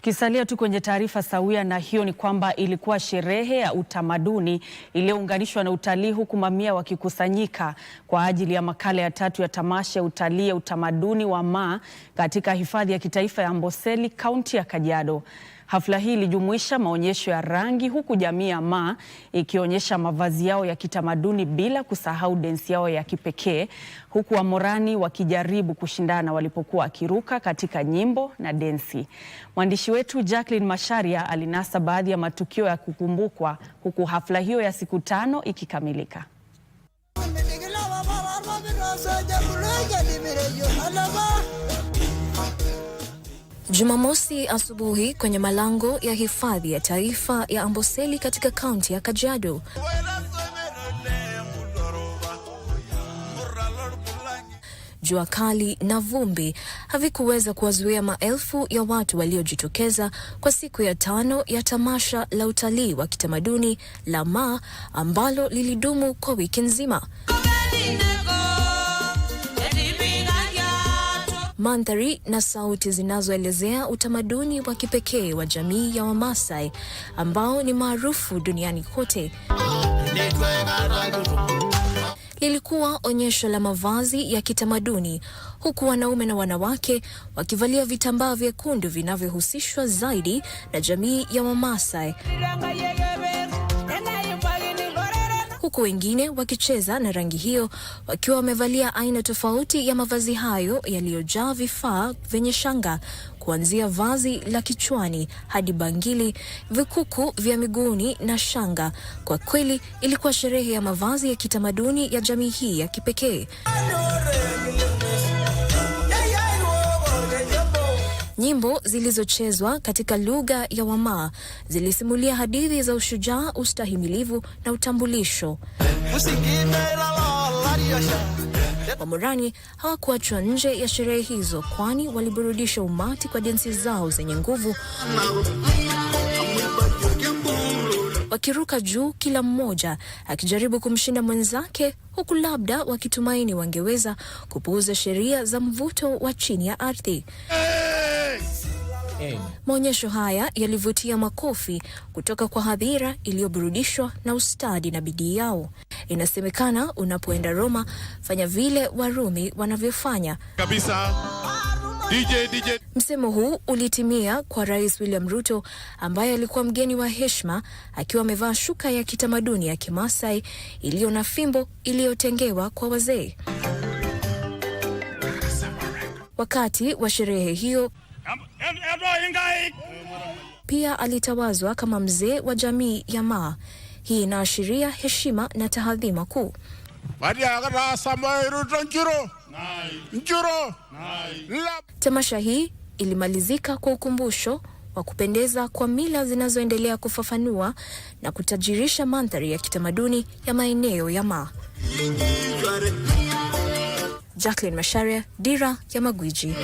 Tukisalia tu kwenye taarifa sawia na hiyo ni kwamba ilikuwa sherehe ya utamaduni iliyounganishwa na utalii huku mamia wakikusanyika kwa ajili ya makala ya tatu ya tamasha ya utalii ya utamaduni wa Maa katika hifadhi ya kitaifa ya Amboseli kaunti ya Kajiado. Hafla hii ilijumuisha maonyesho ya rangi huku jamii ya Maa ikionyesha mavazi yao ya kitamaduni bila kusahau densi yao ya kipekee huku Wamorani wakijaribu kushindana walipokuwa wakiruka katika nyimbo na densi. Mwandishi wetu Jacqueline Masharia alinasa baadhi ya matukio ya kukumbukwa huku hafla hiyo ya siku tano ikikamilika. Jumamosi asubuhi kwenye malango ya hifadhi ya taifa ya Amboseli katika kaunti ya Kajiado, jua kali na vumbi havikuweza kuwazuia maelfu ya watu waliojitokeza kwa siku ya tano ya tamasha la utalii wa kitamaduni la Maa ambalo lilidumu kwa wiki nzima. mandhari na sauti zinazoelezea utamaduni wa kipekee wa jamii ya Wamasai ambao ni maarufu duniani kote. Lilikuwa onyesho la mavazi ya kitamaduni huku wanaume na wanawake wakivalia vitambaa vyekundu vinavyohusishwa zaidi na jamii ya Wamasai huku wengine wakicheza na rangi hiyo wakiwa wamevalia aina tofauti ya mavazi hayo yaliyojaa vifaa vyenye shanga kuanzia vazi la kichwani hadi bangili, vikuku vya miguuni na shanga. Kwa kweli ilikuwa sherehe ya mavazi ya kitamaduni ya jamii hii ya kipekee. Nyimbo zilizochezwa katika lugha ya Wamaa zilisimulia hadithi za ushujaa, ustahimilivu na utambulisho. Wamorani hawakuachwa nje ya sherehe hizo, kwani waliburudisha umati kwa densi zao zenye nguvu, wakiruka juu, kila mmoja akijaribu kumshinda mwenzake, huku labda wakitumaini wangeweza kupuuza sheria za mvuto wa chini ya ardhi. Maonyesho haya yalivutia makofi kutoka kwa hadhira iliyoburudishwa na ustadi na bidii yao. Inasemekana unapoenda Roma, fanya vile Warumi wanavyofanya kabisa. DJ, DJ. Msemo huu ulitimia kwa Rais William Ruto ambaye alikuwa mgeni wa heshima akiwa amevaa shuka ya kitamaduni ya Kimasai iliyo na fimbo iliyotengewa kwa wazee. Wakati wa sherehe hiyo pia alitawazwa kama mzee wa jamii ya Maa. Hii inaashiria heshima na tahadhima kuu. Tamasha hii ilimalizika kwa ukumbusho wa kupendeza kwa mila zinazoendelea kufafanua na kutajirisha mandhari ya kitamaduni ya maeneo ya Maa. Jacqueline masharia Dira ya Magwiji.